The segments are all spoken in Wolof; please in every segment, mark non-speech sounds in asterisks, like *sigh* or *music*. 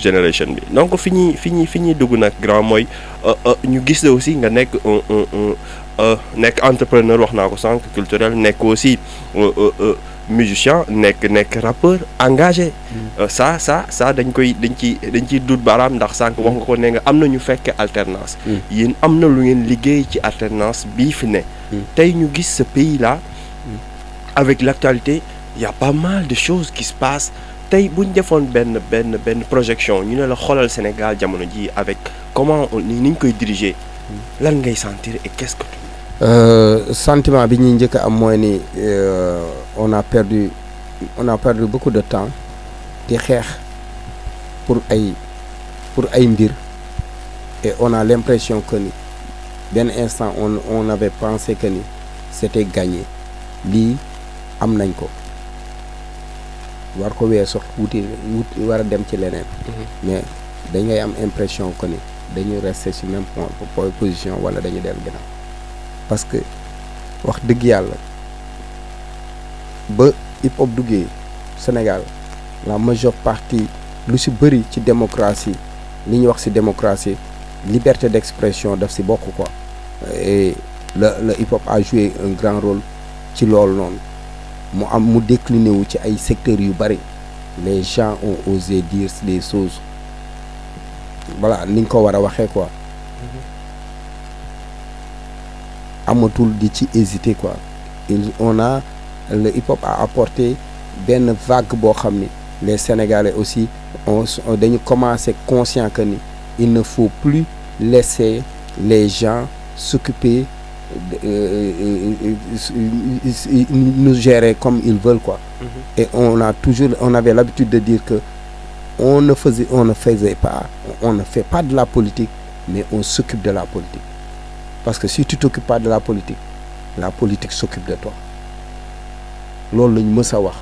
génération bi donc fi ñuy fi ñuy fi ñuy dugg nag grand mooy euh, euh, ñu gis la aussi nga nekk un un euh, nekk entrepreneur wax naa ko sànq culturel nekk aussi musicien nekk nekk rappeur engagé. saa mm. ça ça dañ koy dañ ci dañ ciy dut baaraam ndax sànq wax nga ko ne nga am na ñu fekk alternance. Mm. yéen am na lu ngeen liggéey ci alternance bii fi ne. Mm. tey ñu gis ce pays là. avec l'actualité y pas mal de choses qui se passent. tey bu ñu defoon benn benn benn projection ñu ne la xoolal Sénégal jamono ji avec comment on ni ñu koy diriger lan ngay sentir et qu'est-ce que euh, sentiment bi ñuy njëkk am mooy ni euh, on a perdu on a perdu beaucoup de temps di xeex pour ay pour ay mbir et on a l'impression que ni benn instant on on avait pensé que ni c'était gagné lii am nañ ko war ko weesu wuti wut war a dem ci leneen. Mhm. mais dañ ngay am impression que ni dañuy rester ci même point position wala dañu dellu ginnaaw parce que wax dëgg yàlla ba hip hop duggee Sénégal la majeure partie lu si bëri ci démocratie li ñu wax ci démocratie liberté d'expression daf si bokk ko et le le hip hop a joué un grand rôle ci loolu noonu. mu am mu décliné wu ci ay secteurs yu bëri les gens ont osé dire les choses voilà ni nga ko war a waxee koi mm-hmm. amatul di ci hésiter quoi il on a le hip hop a apporté benn vague boo xam ni les sénégalais aussi on dañu commencé conscient que ni il ne faut plus laisser les gens s'occuper nous gérer comme ils veulent quoi. Mmh. Et on a toujours, on avait l'habitude de dire que on ne faisait, on ne faisait pas, on ne fait pas de la politique, mais on s'occupe de la politique. Parce que si tu t'occupes de la politique, la politique s'occupe de toi. loolu lañu ñu mës a wax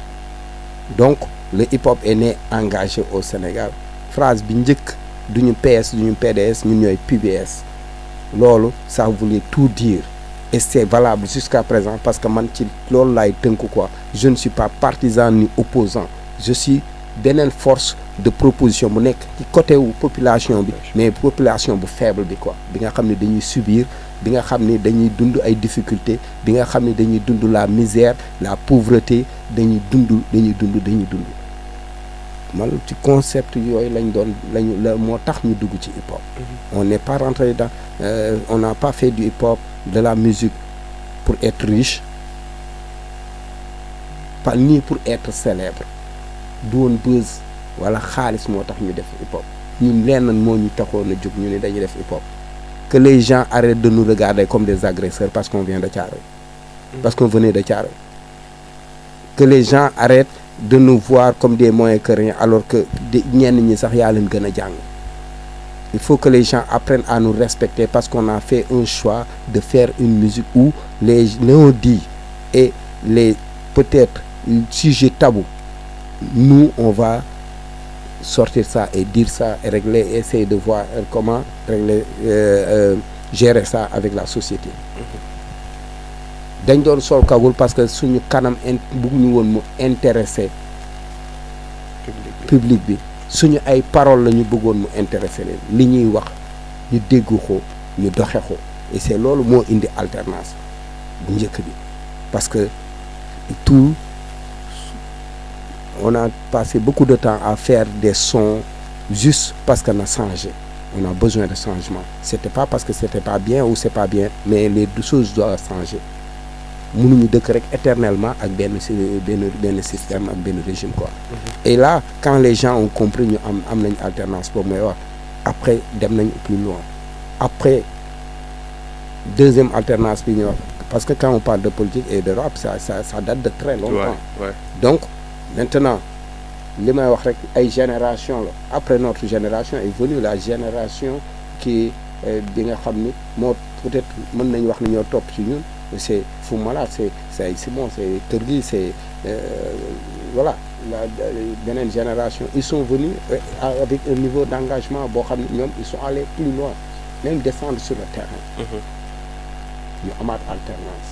donc le hip hop est né engagé au Sénégal phrase bi njëkk duñu PS duñu PDS ñun ñooy PBS loolu sa voulait tout dire. et c'est valable jusqu'à présent parce que man ci loolu laay tënk ko je ne suis pas partisan ni opposant je suis beneen force de proposition bu nekk ci côté wu population bi mais population bu faible bi ko bi nga xam ne dañuy subir bi nga xam ni dañuy dund ay difficultés bi nga xam ni dañuy dund la misère la pauvreté dañuy dund dañuy dund dañuy dund man ci concept yooyu lañ doon lañu la moo tax ñu dugg ci hip hop. Mhm. on n'est pas rentré dans euh, on n'a pas fait du hip hop de la musique pour être riche pas ni pour être célèbre du woon buzz wala xaalis moo tax ñu def hip hop ñun lenn moo ñu taxoon a jóg ñu ni dañuy def hip hop que les gens arrêtent de nous regarder comme des agresseurs parce qu'on vient de Thiaroye mhm. parce qu'on venait de Thiaroye que les gens arrêtent de nous voir comme des moyens que rien alors que ñenn ñi sax yaa leen gën a jàng il faut que les gens apprennent à nous respecter parce qu'on a fait un choix de faire une musique où les non-dits et les peut-être sujets tabous nous on va sortir ça et dire ça et régler essayer de voir euh, comment régler euh, euh, gérer ça avec la société mm-hmm. dañ doon sol kagul parce que suñu kanam in bëgguñu woon mu intéressé public bi suñu ay parole la ñu bëggoon mu intéressé leen li ñuy wax ñu dégg ko ñu doxe ko et c'est loolu moo indi alternance bu njëkk bi parce que tout on a passé beaucoup de temps à faire des sons juste parce qu'on a changé on a besoin de changement c'était pas parce que c'était pas bien ou c'est pas bien mais les deux choses doivent changer mun nu mënuñu dëkk rek éternellement ak benn benn benn système ak benn régime quoi. Mhm. et là quand les gens ont compris ñu am am nañ alternance boobu mooy wax après dem nañ plus loin après deuxième alternance bi ñuy wax parce que quand on parle de politique et de rap ça ça ça de très longtemps. donc maintenant li may wax rek ay génération la après notre génération est venue la génération qui euh, bi nga xam ni moo peut-être mën nañu wax ni ñoo topp ci ñun. c'est Fumala, c'est Simon, c'est Turgui, c'est. Euh, voilà, la, dernière génération. Ils sont venus euh, avec un niveau d'engagement, ils sont allés plus loin, même descendre sur le terrain. Nous mm-hmm. avons alternance.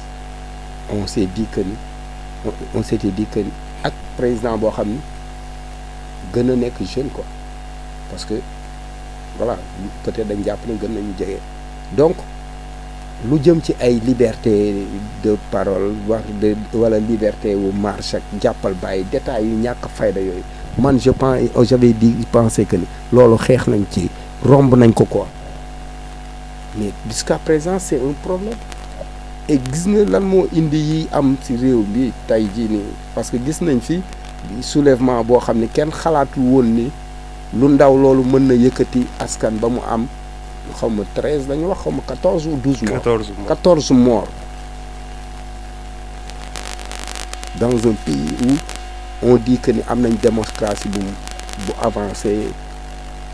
On s'est dit que on, on s'était ak président boo xam ni gën a nekk jeune quoi parce que voilà peut dañ jàpp ne gën nañu jege donc lu jëm ci ay liberté de parole wax de wala liberté wu marche ak jàppal bàyyi détails yu ñàkk fayda yooyu man je pense j'avais di pensé que ni loolu xeex nañ ci romb nañ ko quoi mais jusqu'à présent c'est un problème et gis nga lan moo indi yi am ci réew bi tey jii nii parce que gis nañ fi soulèvement boo xam ne kenn xalaatu woon ni lu ndaw loolu mën na yëkkati askan ba mu am xaw ma treize dañu wax xaw ma quatorze ou douze morts quatorze morts dans un pays où on dit que ni am nañ démocratie bu bu avancée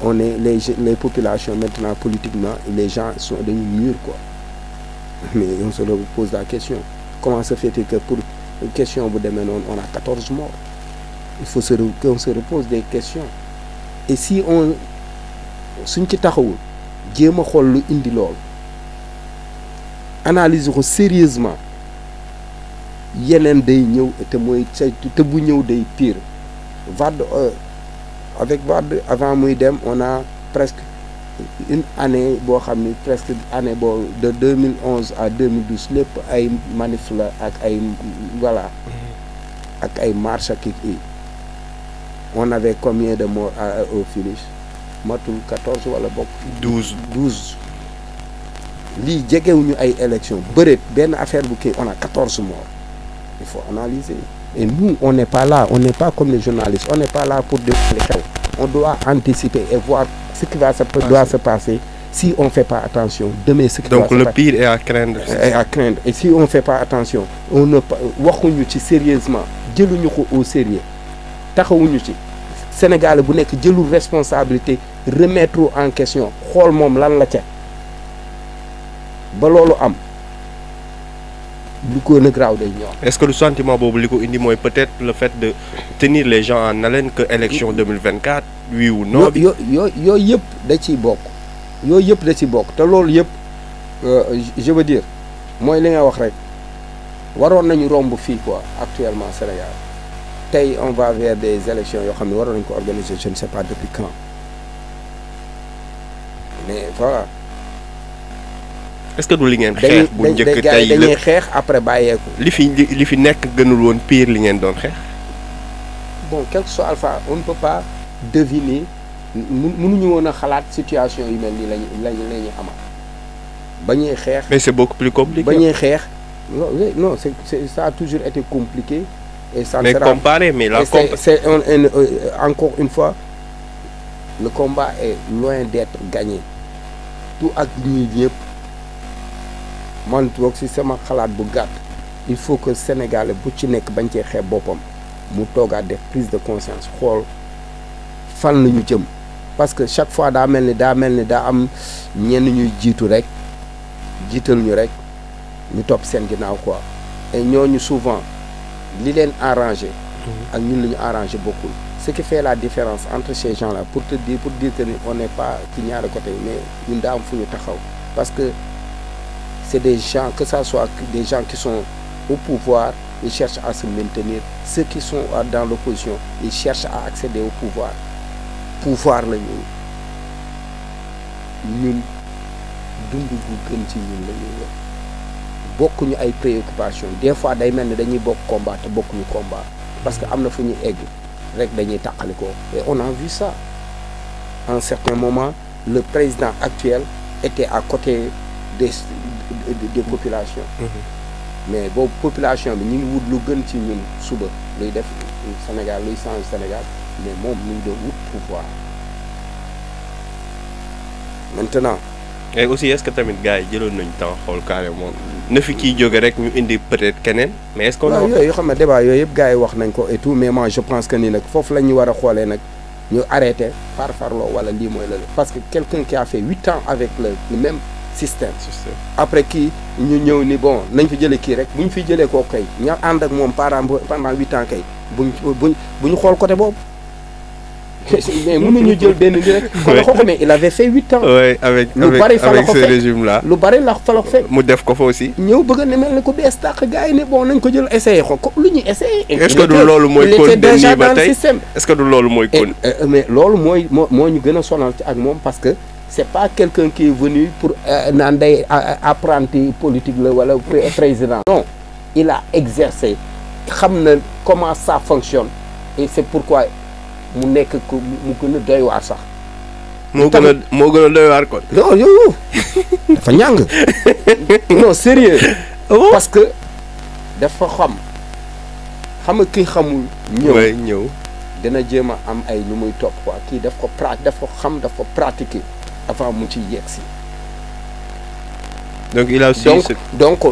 on est les les populations maintenant politiquement les gens sont dañu mûrs quoi mais on se pose la question comment se fait-il que pour question bu demee noonu on a quatorze il faut se qu'on se repose des questions et si on suñ ci taxawul jéem a xool lu indi loolu analyser ko sérieusement yeneen day ñëw te mooy saytu te bu ñëw day pire Wade euh, avec Wade avant muy dem on a presque une année boo xam ni presque année boo de 2011 à 2012 lépp ay manif la ak ay voilà ak ay marche ak i on avait combien de morts au finish matu quatorze wala bokk. douze douze. lii jegewuñu ay élection bëreet benn affaire bu kii on a quatorze morts il faut analyser et nous on n'est pas là on n'est pas comme les journalistes on n'est pas là pour dévoiler xew on doit anticiper et voir ce qui va se doit se passer si on fait pas attention demain ce qui donc va le se pire est à craindre et si on fait pas attention on ne waxuñu ci sérieusement jëluñu ko au sérieux taxawuñu ci Sénégalais bu nekk jëlul responsabilité remettre en question xool moom lan la ce ba loolu am lu ko nag raaw day ñor. est-ce que le sentiment boobu li ko indi mooy peut le fait de tenir les gens en haleine que élection 2024 oui ou non. yo yo yooyu yëpp da ciy bokk yooyu yëpp da ci bokk te loolu yëpp euh, je veux dire mooy li nga wax rek waroon nañu romb fii quoi actuellement Sénégal. tey on va vers des élections yoo xam ne waroon nañu ko organiser je ne sais pas depuis quand mais voilà. est que du li ngeen. xeex bu njëkk tey dañuy xeex après bàyyeeku. li fi li fi nekk gënul woon piir li ngeen doon xeex. bon quel que soit alpha on ne peut pas deviner mënuñu woon a xalaat situation yu mel nii lañu lañu la ñuy amal ñuy xeex. mais c'est beaucoup plus compliqué. ba ñuy xeex non non c'est ça a toujours été compliqué. Et ça mais comparer, la c'est un, un, un, euh, encore une fois, le combat est loin d'être gagné. tout ak ñuy yëpp man toog si sama xalaat bu gàtt il faut que sénégalais bu ci nekk bañ cee xeeb boppam mu toogaat def prise de conscience xool fan la jëm parce que chaque fois daa mel ni daa mel ni daa am ñenn ñuy jiitu rek jiital ñu rek ñu topp seen ginnaaw quoi et ñooñu souvent. li leen arrangé mhm. ak ñun lañu ñu arrangé bokkul ce qui fait la différence entre ces gens là pour te dire pour dire que on n'est pas ci ñaari côté mais ñun daa fu ñu taxaw parce que c'est des gens que ça soit des gens qui sont au pouvoir ils cherchent à se maintenir ceux qui sont dans l'opposition ils cherchent à accéder au pouvoir pouvoir la ñu ñun dund gu gën ci ñun la ñuy bokkuñu ay préoccupation des fois day mel ni dañuy bokk combat te bokkuñu combat parce que am na fu ñu egg rek dañuy tàqalikoo et on a vu ça à un certain moment le président actuel était à côté des des populations mm-hmm. mais boobu population bi ñu ngi wut lu gën ci ñun suba luy def Sénégal luy change Sénégal mais moom ñu ngi doon wut pouvoir maintenant et aussi est-ce que tamit gars yi jëloon nañ temps xool carrément na fi kiy jóge rek ñu indi peut-être keneen. mais est-ce que a yooyu xam nga débat yooyu yëpp gars yi wax nañ ko et tout mais moi je pense que ni nag foofu la ñu war a xoolee nag ñu arrêté par farloo wala lii mooy la parce que quelqu'un qui a fait huit ans avec le même système. système après kii ñu ñëw ni bon nañ fi jëlee kii rek bu ñu fi jëlee koo kay ña ànd ak moom pendant pendant huit ans kay buñ buñ bu ñu xool côté boobu. *laughs* mais mën nañu jël benn ni rek. Falokh ko mais il avait fait huit ans. oui avec avec avec ce lu bari la Falokh fekk. mu def ko fa aussi. ñëw bëgg a ne mel ne ko bees tàq gars ne bon nañ ko jël essayé ko ko lu ñuy essayé. est ce du loolu mooy kon dem nii ba tey est ce que du loolu mooy kon. Eh, eh, mais loolu mooy moo moo ñu gën a sonal ci ak moom parce que. c'est pas quelqu'un qui est venu pour euh, naan day euh, apprenti politique la wala président non il a exercé xam na comment ça fonctionne et c'est mu nekk ko mu gën a doy sax. moo gën a moo kon. non yooyu *laughs* dafa ñàng non sérieux ah parce que dafa xam xam nga kii xamul. ñëw ñëw. dina jéem a am ay lu muy topp quoi kii daf ko pra daf ko mu ci yegg si. donc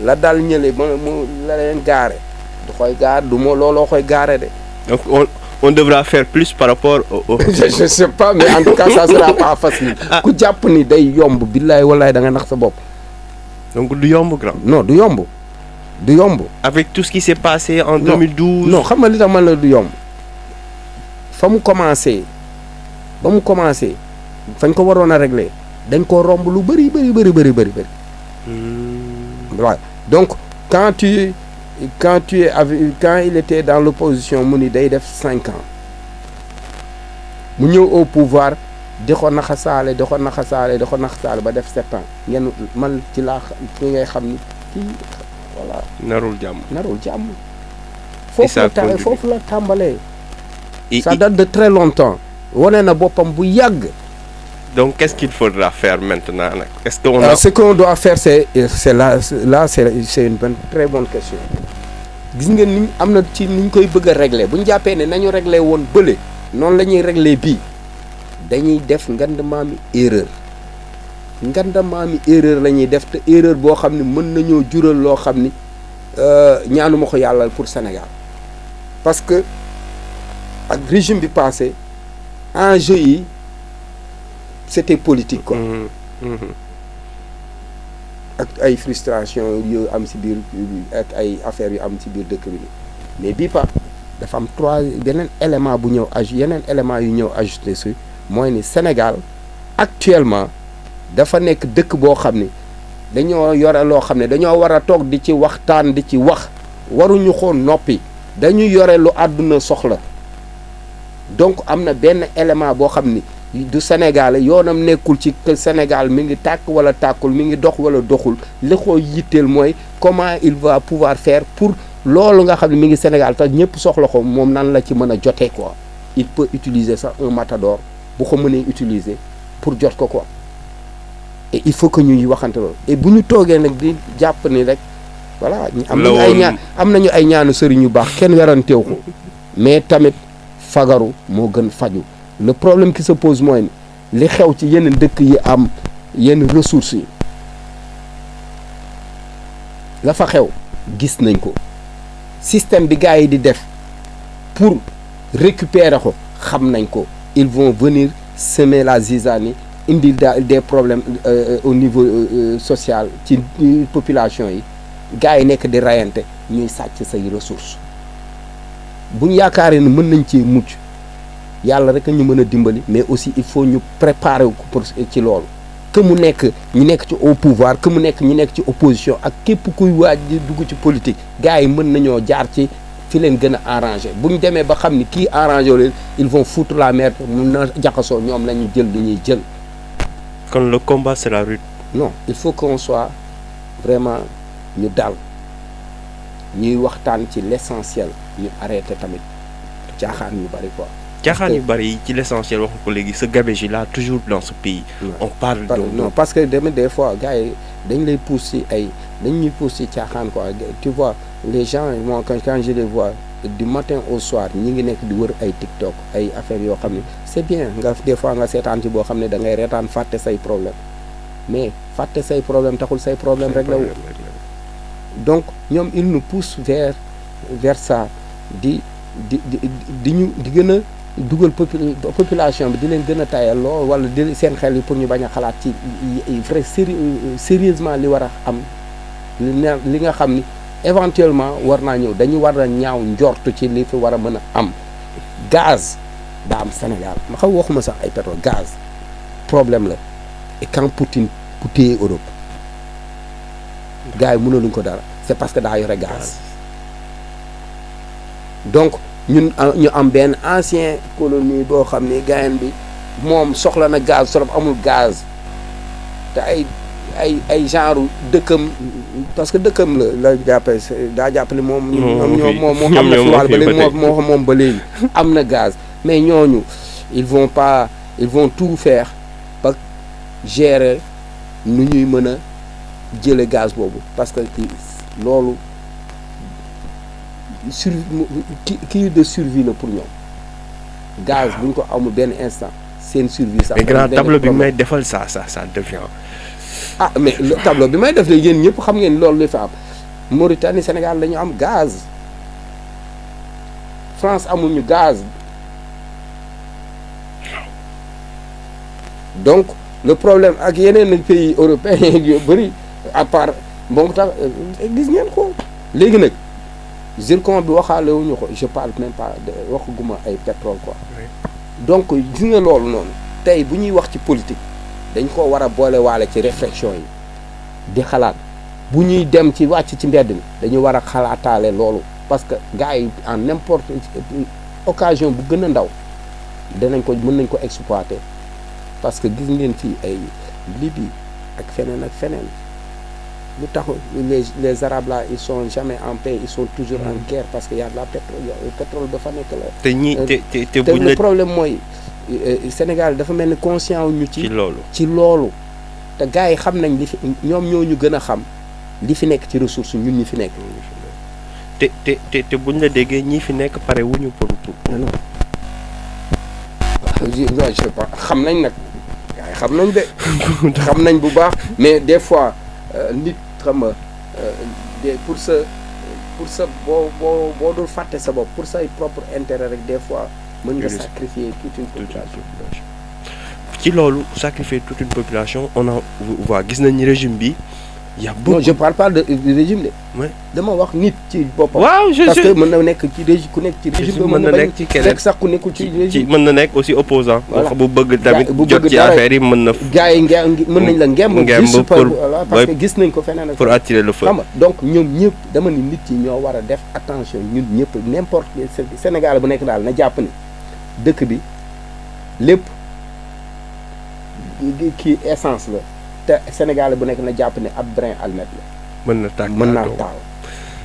la daal ñële ma mu la leen gaare. du koy gaar du ma looloo koy gaare de. on devra faire plus par rapport au. au... *laughs* je *laughs* ah. jàpp ni day yomb billaay walaay da nga nax sa bopp. donc du yomb grand. non du yomb du yomb. avec tout ce qui s'est passé en. non 2012 non xam nga li tax man la du yomb fa mu commencé ba mu commencé fañ ko waroon a régler dañ ko romb lu bëri bëri bëri bëri bëri. waaw hmm. donc quand quand tu es avec quand il était dans l'opposition mu ni day def cinq ans mu ñëw au pouvoir di ko naxasaale di ko naxasaale di ko naxasaale ba def sept ans ngeen man ci laa ki ngay xam ni kii voilà. narul jàmm narul jàmm. foofu la ta foofu la tàmbalee. ça date de très longtemps. wane na boppam bu yàgg. donc qu'est-ce qu'il faudra faire maintenant nag est-ce qu'on a... ce qu'on doit faire c'est c'est là là c'est c'est une bonne, très bonne question gis nga ni am na ci ni koy bëgg a bu ñu jàppee ne nañu régler woon bële noonu la ñuy régler bii dañuy def ngandamaam mi erreur ngandamaam mi erreur la ñuy def te erreur boo xam ne mën nañoo jural loo xam ni euh, ñaanuma ko yàlla pour Sénégal parce que ak régime bi passé enjeu yi c'était politique quoi. Mm-hmm. Mm-hmm. ak ay frustration yu am si biir ak ay affaires yu am si biir dëkk bi mais bii pa dafa am trois yeneen élément bu ñëw aj yeneen élément yu ñëw ajouté si mooy ni Sénégal actuellement dafa nekk dëkk boo xam ni dañoo yore loo xam ne dañoo war a toog di ci waxtaan di ci wax waruñu xool noppi dañu yore lu àdduna soxla donc am na benn élément boo xam ni du Sénégal yoonam nekkul ci Sénégal mi ngi tàkk wala tàkkul mi ngi dox wala doxul li ko yitteel mooy comment il va pouvoir faire pour loolu nga xam ne mi ngi Sénégal te ñëpp soxla ko moom nan la ci mën a jotee quoi il utiliser sax un matador bu ko mënee utiliser pour jot ko quoi il faut que ñu waxante loolu et bu ñu toogee nag di jàpp ni rek voilà. am nañu ay am nañu ay ñaanu sëriñ yu baax kenn weranteew ko mais tamit fagaru moo gën faju le problème qui se pose mooy ni li xew ci yenn dëkk yi am yenn ressources yi la fa xew gis nañ ko système bi gars yi di def pour récupérer ko xam nañ ko ils vont venir semer la zizanie indi daal des problèmes euh, euh, au niveau euh, social ci population yi gars yi nekk di rayante ñuy sàcc say ressources buñ yaakaaree ne mën nañ ci mucc yàlla rek ñu mën a dimbali mais aussi il faut ñu préparer ko pour ci loolu que mu nekk ñu nekk ci au pouvoir que mu nekk ñu nekk ci opposition ak képp kuy waaj di dugg ci politique gars yi mën nañoo jaar ci fi leen gën a arrangé bu ñu demee ba xam ni kii arrangé leen il faut foutre la merde mun na jaxasoo ñoom la ñu jël li ñuy jël. kon le combat c'est la rue. non il faut qu'on soit vraiment ñu dal ñuy waxtaan ci l'essentiel yu arrêté tamit caaxaan yu bari quoi. caaxaan yu oh. bëri yi ci l' essentiel wax ko léegi ce gabegie là toujours dans ce pays. on parle donc parce que deme des fois gars dañ lay pousse si ay dañ ñuy pousse si caaxaan quoi tu vois les gens moi quand vois du matin au soir ñi ngi nekk di wër ay TikTok ay affaires yoo xam ne c' bien nga des fois nga seetaan ci boo xam ne da ngay reetaan fàtte say problème mais fàtte say problème taxul say problème rek la donc ñoom il nous pousse vers vers ça di di di di gën a dugal population bi di leen gën a tayal lool wala di seen xel yi pour ñu bañ a xalaat ci vrai sérieusement li war a am li nga xam ni éventuellement war naa ñëw dañu war a ñaaw njort ci li fi war a mën a am gaz daa am Sénégal ma xaw waxuma sax ay pétrole gaz problème la et quand Poutine Europe gars yi mënaluñ ko dara c'est parce que daa yore gaz donc ñun ah, ñu am benn ancien colonie boo xam ni gaayen bi moom soxla na gaz trop amul gaz te ay ay ay genre dëkkam parce que dëkkam la la jàppe daa jàppale moom ñoom ñoom moom moo moom ba léegi am na gaz mais ñooñu ils von pas ils vont tout faire pak gérer nu ñuy mën a jële gaz boobu parce que loolu sur kii de survie la pour ñoom. gaz bu ñu ko amul benn instant seen survie. sax mais grand tableau bi may defal ça sax ça devient. ah mais tableau bi may def de yéen ñëpp xam ngeen loolu li fa am Mauritanie Sénégal la am gaz France amuñu gaz donc le problème ak yeneen pays européens *laughs* yu bëri à part bon tax euh, gis ngeen ko léegi nag. zircon bi waxaale wuñu ko je parle même pas de waxaguma ay pétrole quoi. donc gis loolu noonu. tey bu ñuy wax ci politique dañ koo war a boolewaale ci réflexion yi di xalaat bu ñuy dem ci wàcc ci mbedd mi dañu war a xalaataale loolu parce que gars yi en n'importe occasion bu gën ndaw danañ ko mën nañ ko exploiter parce que gis ngeen fii ay Libye ak feneen ak feneen. lu taxoon les les arabes là ils sont jamais en paix ils sont toujours en guerre parce que y a de la pétrole pétrole dafa nekk la. te ñii euh, te te te problème mooy euh, Sénégal dafa mel ni conscient ñu ci. loolu ci loolu. te gars yi xam nañ ñoo ñu gën a xam li fi nekk ci ressource ñun ñi fi nekk. te te buñ la déggee ñi fi nekk pare wuñu pour pour. Ah non je xam nañ nag. gars yi xam nañ de. *laughs* xam nañ bu baax mais des fois. Euh, nit xam nga euh, pour sa pour sa boo boo boo dul fàtte sa bopp pour say propre intérêt rek des fois mën nga sacrifier toute une population ci loolu sacrifier toute une population on a waa gis nañ régime bi y' a je parle pas de du régime de. dama wax nit ci boppam. waaw parce que mën na nekk ci régime ku nekk ci régime. mën na nekk ci keneen sax ku nekkul ci régime. mën na nekk aussi opposant bu bëgg tamit jot ci affaire yi mën na. gars yi mën nañ la ngemb. ngemb pour parce que gis nañ ko feneen ak. pour attirer le feu donc ñoom ñëpp dama ni nit yi ñoo war a def attention ñun ñëpp n' importe Sénégal bu nekk daal na jàpp ni dëkk bi lépp kii essence la. te Sénégal bu nekk na jàpp ne ab brin almet la. mën na taaw mën naa taaw.